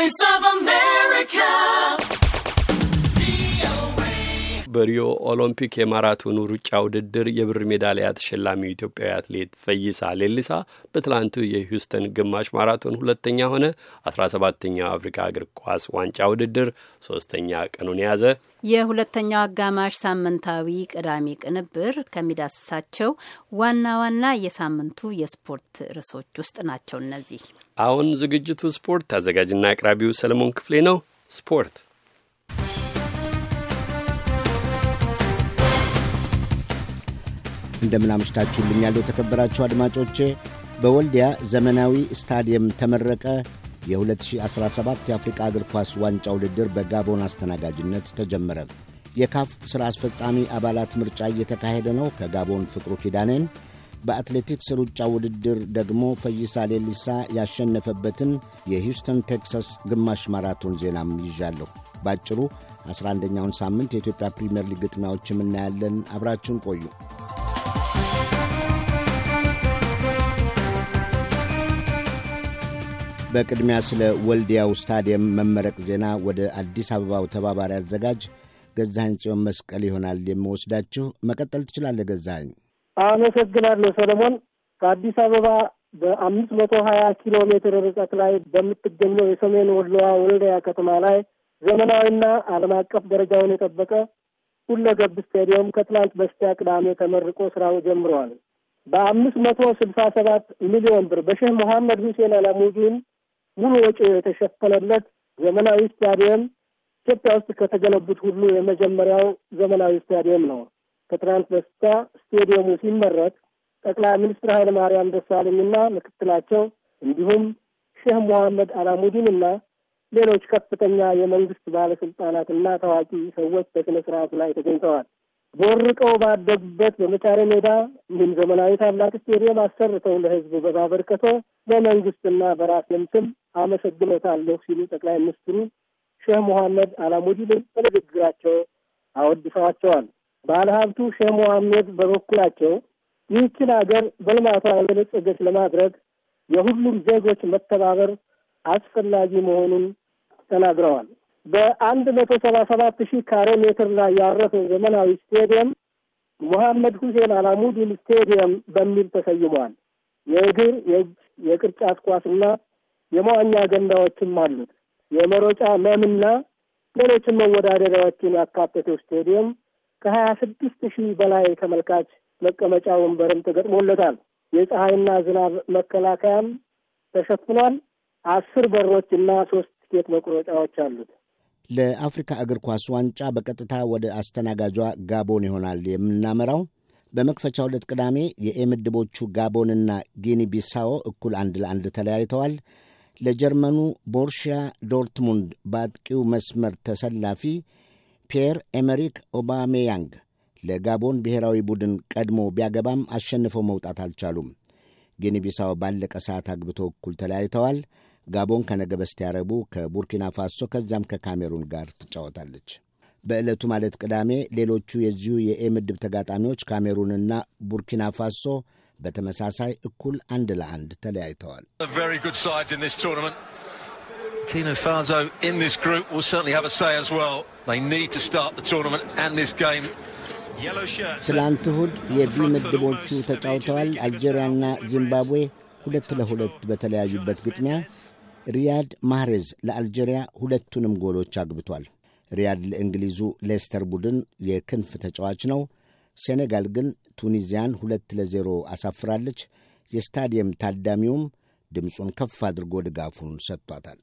Voice of በሪዮ ኦሎምፒክ የማራቶኑ ሩጫ ውድድር የብር ሜዳሊያ ተሸላሚው ኢትዮጵያዊ አትሌት ፈይሳ ሌሊሳ በትላንቱ የሂውስተን ግማሽ ማራቶን ሁለተኛ ሆነ። አስራ ሰባተኛው አፍሪካ እግር ኳስ ዋንጫ ውድድር ሶስተኛ ቀኑን የያዘ የሁለተኛው አጋማሽ ሳምንታዊ ቅዳሜ ቅንብር ከሚዳስሳቸው ዋና ዋና የሳምንቱ የስፖርት ርዕሶች ውስጥ ናቸው እነዚህ። አሁን ዝግጅቱ ስፖርት አዘጋጅና አቅራቢው ሰለሞን ክፍሌ ነው። ስፖርት እንደምናመሽታችሁልኛል የተከበራችሁ አድማጮቼ። በወልዲያ ዘመናዊ ስታዲየም ተመረቀ። የ2017 የአፍሪቃ እግር ኳስ ዋንጫ ውድድር በጋቦን አስተናጋጅነት ተጀመረ። የካፍ ሥራ አስፈጻሚ አባላት ምርጫ እየተካሄደ ነው። ከጋቦን ፍቅሩ ኪዳኔን በአትሌቲክስ ሩጫ ውድድር ደግሞ ፈይሳ ሌሊሳ ያሸነፈበትን የሂውስተን ቴክሳስ ግማሽ ማራቶን ዜናም ይዣለሁ። ባጭሩ 11ኛውን ሳምንት የኢትዮጵያ ፕሪምየር ሊግ ግጥሚያዎች የምናያለን። አብራችሁን ቆዩ። በቅድሚያ ስለ ወልዲያው ስታዲየም መመረቅ ዜና ወደ አዲስ አበባው ተባባሪ አዘጋጅ ገዛኸኝ ጽዮን መስቀል ይሆናል የምወስዳችሁ። መቀጠል ትችላለህ ገዛኸኝ። አመሰግናለሁ ሰለሞን። ከአዲስ አበባ በአምስት መቶ ሀያ ኪሎ ሜትር ርቀት ላይ በምትገኘው የሰሜን ወሎዋ ወልዲያ ከተማ ላይ ዘመናዊና ዓለም አቀፍ ደረጃውን የጠበቀ ሁለገብ ስቴዲየም ከትላንት በስቲያ ቅዳሜ ተመርቆ ስራው ጀምረዋል። በአምስት መቶ ስልሳ ሰባት ሚሊዮን ብር በሼህ መሐመድ ሁሴን አላሙዲን ሙሉ ወጪ የተሸፈነለት ዘመናዊ ስታዲየም ኢትዮጵያ ውስጥ ከተገነቡት ሁሉ የመጀመሪያው ዘመናዊ ስታዲየም ነው። ከትናንት በስቲያ ስቴዲየሙ ሲመረቅ ጠቅላይ ሚኒስትር ኃይለ ማርያም ደሳለኝና ምክትላቸው እንዲሁም ሼህ መሐመድ አላሙዲንና ሌሎች ከፍተኛ የመንግስት ባለስልጣናትና ታዋቂ ሰዎች በሥነ ሥርዓቱ ላይ ተገኝተዋል። ቦርቀው ባደጉበት በመቻሬ ሜዳ እንዲሁም ዘመናዊ ታላቅ ስቴዲየም አሰርተው ለሕዝብ በማበርከቶ በመንግስትና በራሴም ስም አመሰግኖታለሁ ሲሉ ጠቅላይ ሚኒስትሩ ሼህ መሐመድ አላሙዲን በንግግራቸው አወድሰዋቸዋል። ባለሀብቱ ሼህ መሐመድ በበኩላቸው ይህችን ሀገር በልማቷ የበለጸገች ለማድረግ የሁሉም ዜጎች መተባበር አስፈላጊ መሆኑን ተናግረዋል። በአንድ መቶ ሰባ ሰባት ሺህ ካሬ ሜትር ላይ ያረፈው ዘመናዊ ስቴዲየም ሙሐመድ ሁሴን አላሙዲን ስቴዲየም በሚል ተሰይሟል። የእግር የእጅ የቅርጫት ኳስና የመዋኛ ገንዳዎችም አሉት። የመሮጫ መምና ሌሎችን መወዳደሪያዎችን ያካተተው ስቴዲየም ከሀያ ስድስት ሺህ በላይ ተመልካች መቀመጫ ወንበርም ተገጥሞለታል። የፀሐይና ዝናብ መከላከያም ተሸፍኗል። አስር በሮች እና ሶስት ስቴት መቁረጫዎች አሉት። ለአፍሪካ እግር ኳስ ዋንጫ በቀጥታ ወደ አስተናጋጇ ጋቦን ይሆናል የምናመራው። በመክፈቻ ሁለት ቅዳሜ የኤምድቦቹ ጋቦንና ጊኒ ቢሳዎ እኩል አንድ ለአንድ ተለያይተዋል። ለጀርመኑ ቦርሺያ ዶርትሙንድ በአጥቂው መስመር ተሰላፊ ፒየር ኤመሪክ ኦባሜያንግ ለጋቦን ብሔራዊ ቡድን ቀድሞ ቢያገባም አሸንፈው መውጣት አልቻሉም። ጊኒ ቢሳዎ ባለቀ ሰዓት አግብቶ እኩል ተለያይተዋል። ጋቦን ከነገ በስቲያ ረቡዕ ከቡርኪና ፋሶ ከዚያም ከካሜሩን ጋር ትጫወታለች። በዕለቱ ማለት ቅዳሜ ሌሎቹ የዚሁ የኤ ምድብ ተጋጣሚዎች ካሜሩንና ቡርኪና ፋሶ በተመሳሳይ እኩል አንድ ለአንድ ተለያይተዋል። ትላንት እሁድ የቢ ምድቦቹ ተጫውተዋል። አልጄሪያና ዚምባብዌ ሁለት ለሁለት በተለያዩበት ግጥሚያ ሪያድ ማህሬዝ ለአልጄሪያ ሁለቱንም ጎሎች አግብቷል። ሪያድ ለእንግሊዙ ሌስተር ቡድን የክንፍ ተጫዋች ነው። ሴኔጋል ግን ቱኒዚያን ሁለት ለዜሮ አሳፍራለች። የስታዲየም ታዳሚውም ድምፁን ከፍ አድርጎ ድጋፉን ሰጥቷታል።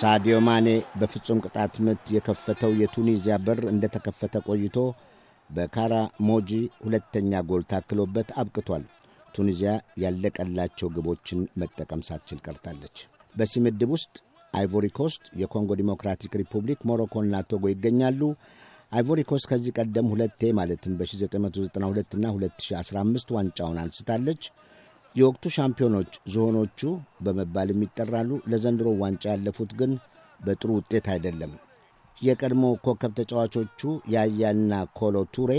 ሳዲዮ ማኔ በፍጹም ቅጣት ምት የከፈተው የቱኒዚያ በር እንደተከፈተ ቆይቶ በካራ ሞጂ ሁለተኛ ጎል ታክሎበት አብቅቷል። ቱኒዚያ ያለቀላቸው ግቦችን መጠቀም ሳትችል ቀርታለች። በሲ ምድብ ውስጥ አይቮሪኮስት፣ ኮስት፣ የኮንጎ ዲሞክራቲክ ሪፑብሊክ፣ ሞሮኮና ቶጎ ይገኛሉ። አይቮሪኮስት ኮስት ከዚህ ቀደም ሁለቴ ማለትም በ 1992 እና 2015 ዋንጫውን አንስታለች። የወቅቱ ሻምፒዮኖች ዝሆኖቹ በመባልም ይጠራሉ። ለዘንድሮ ዋንጫ ያለፉት ግን በጥሩ ውጤት አይደለም። የቀድሞ ኮከብ ተጫዋቾቹ ያያና ኮሎ ቱሬ፣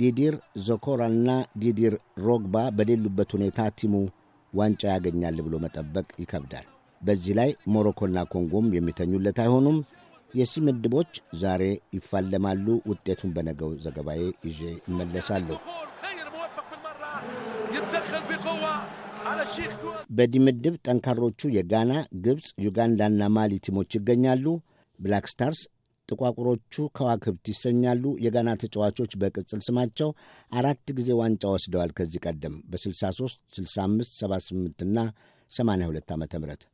ዲዲር ዞኮራና ዲዲር ሮግባ በሌሉበት ሁኔታ ቲሙ ዋንጫ ያገኛል ብሎ መጠበቅ ይከብዳል። በዚህ ላይ ሞሮኮና ኮንጎም የሚተኙለት አይሆኑም። የሲ ምድቦች ዛሬ ይፋለማሉ። ውጤቱን በነገው ዘገባዬ ይዤ እመለሳለሁ። በዲ ምድብ ጠንካሮቹ የጋና፣ ግብፅ፣ ዩጋንዳና ማሊ ቲሞች ይገኛሉ። ብላክ ስታርስ ጥቋቁሮቹ ከዋክብት ይሰኛሉ። የጋና ተጫዋቾች በቅጽል ስማቸው አራት ጊዜ ዋንጫ ወስደዋል። ከዚህ ቀደም በ63፣ 65፣ 78 78ና 82 ዓ ም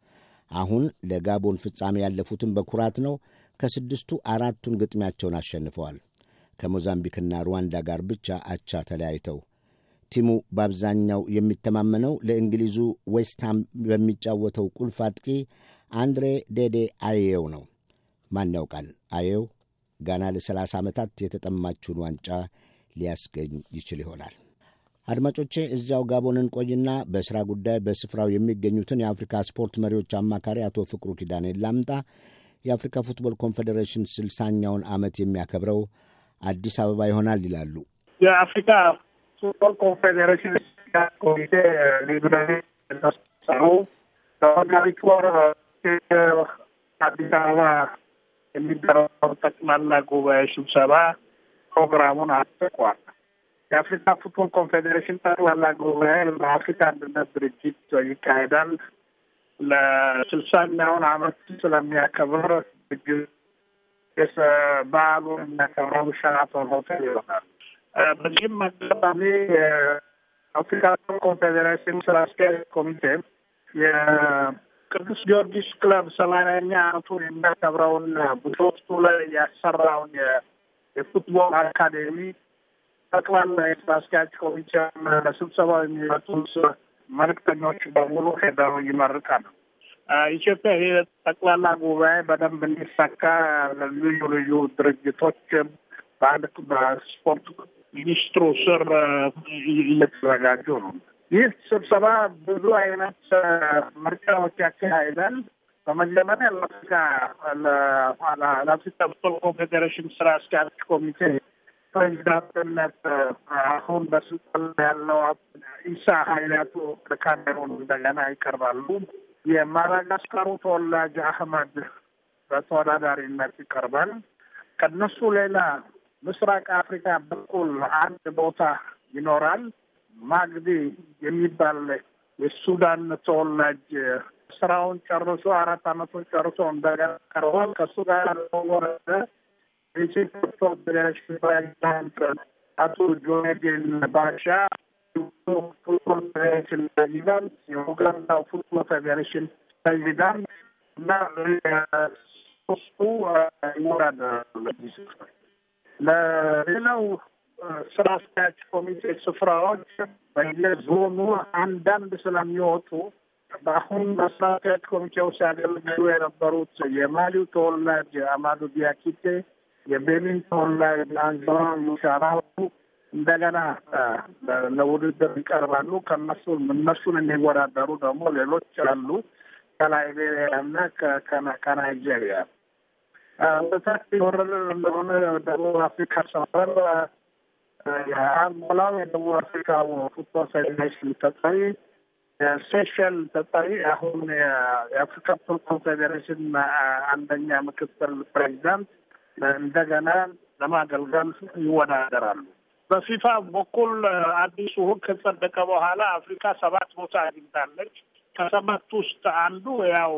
አሁን ለጋቦን ፍጻሜ ያለፉትን በኩራት ነው። ከስድስቱ አራቱን ግጥሚያቸውን አሸንፈዋል። ከሞዛምቢክና ሩዋንዳ ጋር ብቻ አቻ ተለያይተው ቲሙ በአብዛኛው የሚተማመነው ለእንግሊዙ ዌስትሃም በሚጫወተው ቁልፍ አጥቂ አንድሬ ዴዴ አየው ነው። ማን ያውቃል አየው ጋና ለ30 ዓመታት የተጠማችውን ዋንጫ ሊያስገኝ ይችል ይሆናል። አድማጮቼ እዚያው ጋቦንን ቆይና በሥራ ጉዳይ በስፍራው የሚገኙትን የአፍሪካ ስፖርት መሪዎች አማካሪ አቶ ፍቅሩ ኪዳኔ ላምጣ። የአፍሪካ ፉትቦል ኮንፌዴሬሽን ስልሳኛውን ዓመት የሚያከብረው አዲስ አበባ ይሆናል ይላሉ። የአፍሪካ ፉትቦል ኮንፌዴሬሽን ኮሚቴ አዲስ አበባ የሚደረገው ጠቅላላ ጉባኤ ስብሰባ ፕሮግራሙን አጽድቋል። የአፍሪካ ፉትቦል ኮንፌዴሬሽን ጠቅላላ ጉባኤ በአፍሪካ አንድነት ድርጅት ይካሄዳል። ለስልሳኛውን ዓመት ስለሚያከብር ድግስ በዓሉን የሚያከብረው ሸራተን ሆቴል ይሆናል። በዚህም አጋጣሚ የአፍሪካ ኮንፌዴሬሽን ስራ አስኪያጅ ኮሚቴ ቅዱስ ጊዮርጊስ ክለብ ሰማንያኛ ዓመቱን የሚያከብረውን ቡቶቱ ላይ ያሰራውን የፉትቦል አካዴሚ ጠቅላላ የስራ አስኪያጅ ኮሚቴ ለስብሰባው የሚመጡት መልክተኞች በሙሉ ሄደው ይመርቃሉ። ኢትዮጵያ ይህ ጠቅላላ ጉባኤ በደንብ እንዲሳካ ልዩ ልዩ ድርጅቶች በአንድ በስፖርት ሚኒስትሩ ስር እየተዘጋጁ ነው። ይህ ስብሰባ ብዙ አይነት ምርጫዎች ያካሄዳል። በመጀመሪያ ለአፍሪካ ለአፍሪካ ፉትቦል ኮንፌዴሬሽን ስራ አስኪያጅ ኮሚቴ ፕሬዚዳንትነት አሁን በስልጣን ያለው ኢሳ ሀይላቱ ከካሜሩን እንደገና ይቀርባሉ። የማዳጋስካሩ ተወላጅ አህመድ በተወዳዳሪነት ይቀርባል። ከነሱ ሌላ ምስራቅ አፍሪካ በኩል አንድ ቦታ ይኖራል። ማግዲ የሚባል የሱዳን ተወላጅ ስራውን ጨርሶ አራት አመቱን ጨርሶ እንደገና ቀርቦ ከእሱ ጋር ወረደ የኢትዮጵያ አቶ ጆኔጌን ባሻ ፉትቦል ፌዴሬሽን ፕሬዚዳንት፣ የኡጋንዳ ፉትቦል ፌዴሬሽን ፕሬዚዳንት እና ሶስቱ ይወዳደራሉ። ለሌላው ስራ አስኪያጅ ኮሚቴ ስፍራዎች በየዞኑ አንዳንድ ስለሚወጡ በአሁን በስራ አስኪያጅ ኮሚቴው ሲያገለግሉ የነበሩት የማሊው ተወላጅ የአማዱ ዲያኪቴ፣ የቤኒን ተወላጅ አንዘራ ሙሻራቱ እንደገና ለውድድር ይቀርባሉ። ከነሱ እነሱን የሚወዳደሩ ደግሞ ሌሎች አሉ ከላይቤሪያ እና ከናይጄሪያ በታች የወረደ እንደሆነ ደቡብ አፍሪካ ሰፈር የአንጎላው የደቡብ አፍሪካ ፉትቦል ፌዴሬሽን ተጠሪ፣ ሴሸል ተጠሪ፣ አሁን የአፍሪካ ፉትቦል ፌዴሬሽን አንደኛ ምክትል ፕሬዚዳንት እንደገና ለማገልገል ይወዳደራሉ። በፊፋ በኩል አዲሱ ሕግ ከጸደቀ በኋላ አፍሪካ ሰባት ቦታ አግኝታለች። ከሰባት ውስጥ አንዱ ያው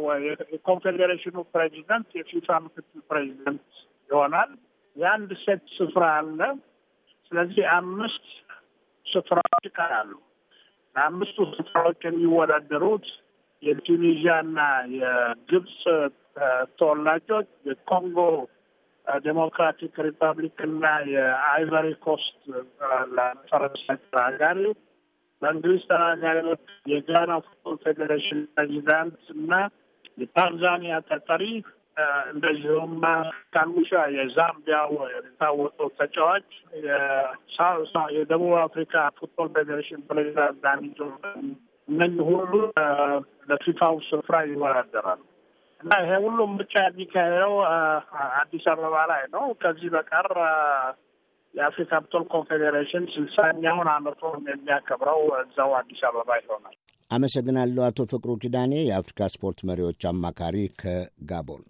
የኮንፌዴሬሽኑ ፕሬዚደንት የፊፋ ምክትል ፕሬዚደንት ይሆናል። የአንድ ሴት ስፍራ አለ። ስለዚህ አምስት ስፍራዎች ይቀራሉ። አምስቱ ስፍራዎች የሚወዳደሩት የቱኒዚያና የግብፅ ተወላጆች የኮንጎ ዴሞክራቲክ ሪፐብሊክና የአይቨሪ ኮስት ፈረንሳይ ተናጋሪ፣ በእንግሊዝ ተናጋሪዎች የጋና ፉትቦል ፌዴሬሽን ፕሬዚዳንት እና የታንዛኒያ ተጠሪ እንደዚሁም ካሙሻ የዛምቢያው የሚታወቀው ተጫዋች የደቡብ አፍሪካ ፉትቦል ፌዴሬሽን ፕሬዚዳንት ዳኒጆ እነኝ ሁሉ ለፊፋው ስፍራ ይወዳደራሉ እና ይሄ ሁሉም ብቻ የሚካሄደው አዲስ አበባ ላይ ነው። ከዚህ በቀር የአፍሪካ ፉትቦል ኮንፌዴሬሽን ስልሳኛውን ዓመቱን የሚያከብረው እዛው አዲስ አበባ ይሆናል። አመሰግናለሁ። አቶ ፍቅሩ ኪዳኔ የአፍሪካ ስፖርት መሪዎች አማካሪ ከጋቦን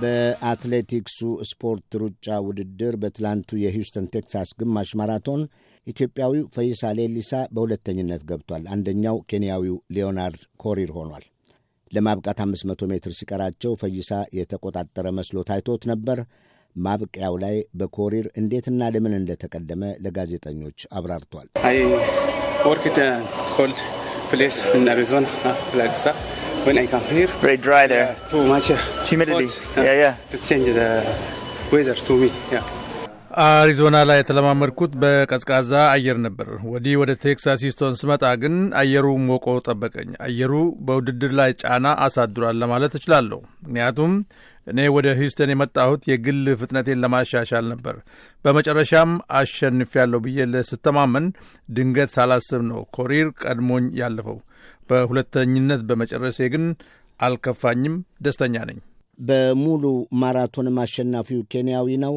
በአትሌቲክሱ ስፖርት ሩጫ ውድድር በትላንቱ የሂውስተን ቴክሳስ ግማሽ ማራቶን ኢትዮጵያዊው ፈይሳ ሌሊሳ በሁለተኝነት ገብቷል። አንደኛው ኬንያዊው ሊዮናርድ ኮሪር ሆኗል። ለማብቃት 500 ሜትር ሲቀራቸው ፈይሳ የተቆጣጠረ መስሎ ታይቶት ነበር። ማብቂያው ላይ በኮሪር እንዴትና ለምን እንደተቀደመ ለጋዜጠኞች አብራርቷል። ወርክ ኮልድ ፕሌስ አሪዞና ፍላግስታፍ when I come here. Very dry there. Yeah, too much uh, humidity. Hot, uh, yeah, yeah. To change the weather to me. Yeah. አሪዞና ላይ የተለማመድኩት በቀዝቃዛ አየር ነበር። ወዲህ ወደ ቴክሳስ ሂውስተን ስመጣ ግን አየሩ ሞቆ ጠበቀኝ። አየሩ በውድድር ላይ ጫና አሳድሯል ለማለት እችላለሁ። ምክንያቱም እኔ ወደ ሂውስተን የመጣሁት የግል ፍጥነቴን ለማሻሻል ነበር። በመጨረሻም አሸንፊያለሁ ብዬ ለስተማመን ድንገት ሳላስብ ነው ኮሪር ቀድሞኝ ያለፈው። በሁለተኝነት በመጨረሴ ግን አልከፋኝም፣ ደስተኛ ነኝ። በሙሉ ማራቶንም አሸናፊው ኬንያዊ ነው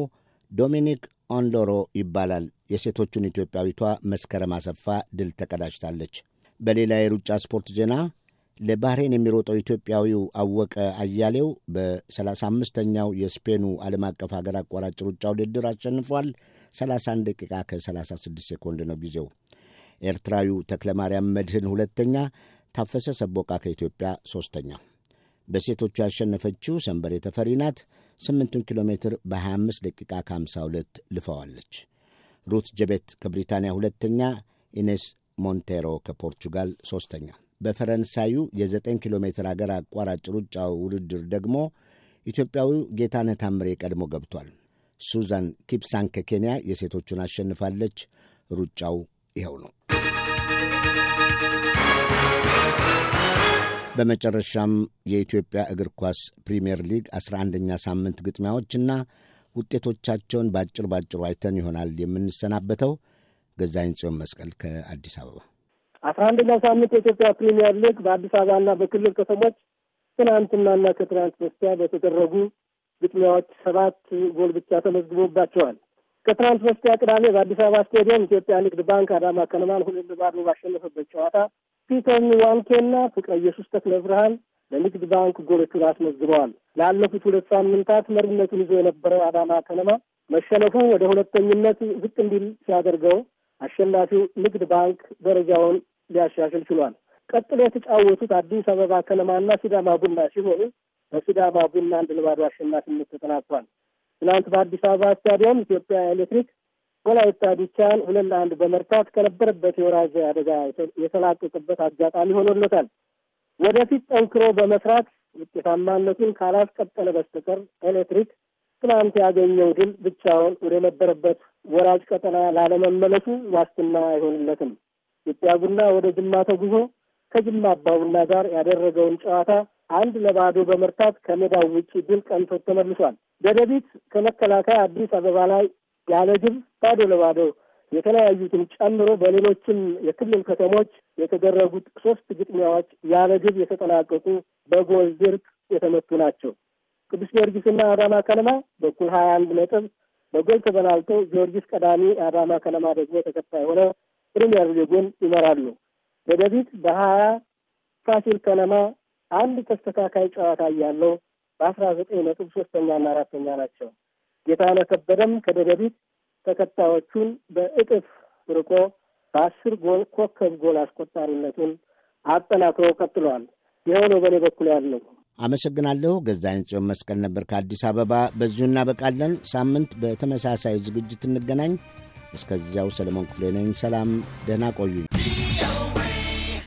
ዶሚኒክ ኦንዶሮ ይባላል። የሴቶቹን ኢትዮጵያዊቷ መስከረም አሰፋ ድል ተቀዳጅታለች። በሌላ የሩጫ ስፖርት ዜና ለባህሬን የሚሮጠው ኢትዮጵያዊው አወቀ አያሌው በ35ኛው የስፔኑ ዓለም አቀፍ ሀገር አቋራጭ ሩጫ ውድድር አሸንፏል። 31 ደቂቃ ከ36 ሴኮንድ ነው ጊዜው። ኤርትራዊው ተክለማርያም መድህን ሁለተኛ፣ ታፈሰ ሰቦቃ ከኢትዮጵያ ሦስተኛ። በሴቶቹ ያሸነፈችው ሰንበሬ ተፈሪ ናት። ስምንቱን ኪሎ ሜትር በ25 ደቂቃ ከ52 ልፈዋለች። ሩት ጀቤት ከብሪታንያ ሁለተኛ፣ ኢኔስ ሞንቴሮ ከፖርቹጋል ሦስተኛ። በፈረንሳዩ የ9 ኪሎ ሜትር አገር አቋራጭ ሩጫ ውድድር ደግሞ ኢትዮጵያዊው ጌታነህ ታምሬ ቀድሞ ገብቷል። ሱዛን ኪፕሳን ከኬንያ የሴቶቹን አሸንፋለች። ሩጫው ይኸው ነው። በመጨረሻም የኢትዮጵያ እግር ኳስ ፕሪምየር ሊግ 11ኛ ሳምንት ግጥሚያዎችና ውጤቶቻቸውን ባጭር ባጭሩ አይተን ይሆናል የምንሰናበተው። ገዛኝ ጽዮን መስቀል ከአዲስ አበባ። አስራ ኛ ሳምንት የኢትዮጵያ ፕሪምየር ሊግ በአዲስ አበባና በክልል ከተሞች ትናንትናና ከትናንት በስቲያ በተደረጉ ግጥሚያዎች ሰባት ጎል ብቻ ተመዝግቦባቸዋል። ከትናንት በስቲያ ቅዳሜ በአዲስ አበባ ስቴዲየም ኢትዮጵያ ንግድ ባንክ አዳማ ከነማን ሁለት ለባዶ ባሸነፈበት ጨዋታ ፒተር ንዋንኬና ፍቅረ ኢየሱስ ተክለ ብርሃን ለንግድ ባንክ ጎሎቹን አስመዝግበዋል። ላለፉት ሁለት ሳምንታት መሪነቱን ይዞ የነበረው አዳማ ከነማ መሸነፉ ወደ ሁለተኝነት ዝቅ እንዲል ሲያደርገው አሸናፊው ንግድ ባንክ ደረጃውን ሊያሻሽል ችሏል። ቀጥሎ የተጫወቱት አዲስ አበባ ከነማና ሲዳማ ቡና ሲሆኑ በሲዳማ ቡና አንድ ለባዶ አሸናፊነት ተጠናቋል። ትናንት በአዲስ አበባ ስታዲየም ኢትዮጵያ ኤሌክትሪክ ወላይታ ዲቻን ሁለት ለአንድ በመርታት ከነበረበት የወራጅ አደጋ የተላቀቀበት አጋጣሚ ሆኖለታል። ወደፊት ጠንክሮ በመስራት ውጤታማነቱን ካላስቀጠለ በስተቀር ኤሌክትሪክ ትናንት ያገኘው ድል ብቻውን ወደ ነበረበት ወራጅ ቀጠና ላለመመለሱ ዋስትና አይሆንለትም። ኢትዮጵያ ቡና ወደ ጅማ ተጉዞ ከጅማ ቡና ጋር ያደረገውን ጨዋታ አንድ ለባዶ በመርታት ከሜዳው ውጭ ድል ቀንቶት ተመልሷል። ደደቢት ከመከላከያ አዲስ አበባ ላይ ያለ ግብ ባዶ ለባዶ የተለያዩትን ጨምሮ በሌሎችም የክልል ከተሞች የተደረጉት ሶስት ግጥሚያዎች ያለ ግብ የተጠናቀቁ በጎል ድርቅ የተመቱ ናቸው። ቅዱስ ጊዮርጊስና አዳማ ከነማ በኩል ሀያ አንድ ነጥብ በጎል ተበላልቶ ጊዮርጊስ ቀዳሚ፣ አዳማ ከነማ ደግሞ ተከታይ ሆነው ፕሪሚየር ሊጉን ይመራሉ። በደቢት በሀያ ፋሲል ከነማ አንድ ተስተካካይ ጨዋታ እያለው በአስራ ዘጠኝ ነጥብ ሶስተኛና አራተኛ ናቸው። ጌታ ከበደም ከደደቢት ተከታዮቹን በእጥፍ ርቆ በአስር ጎል ኮከብ ጎል አስቆጣሪነቱን አጠናክሮ ቀጥሏል። የሆነ ነው በእኔ በኩል ያለው። አመሰግናለሁ። ገዛኝ ጽዮን መስቀል ነበር ከአዲስ አበባ። በዚሁ እናበቃለን። ሳምንት በተመሳሳይ ዝግጅት እንገናኝ። እስከዚያው ሰለሞን ክፍሌ ነኝ። ሰላም፣ ደህና ቆዩኝ።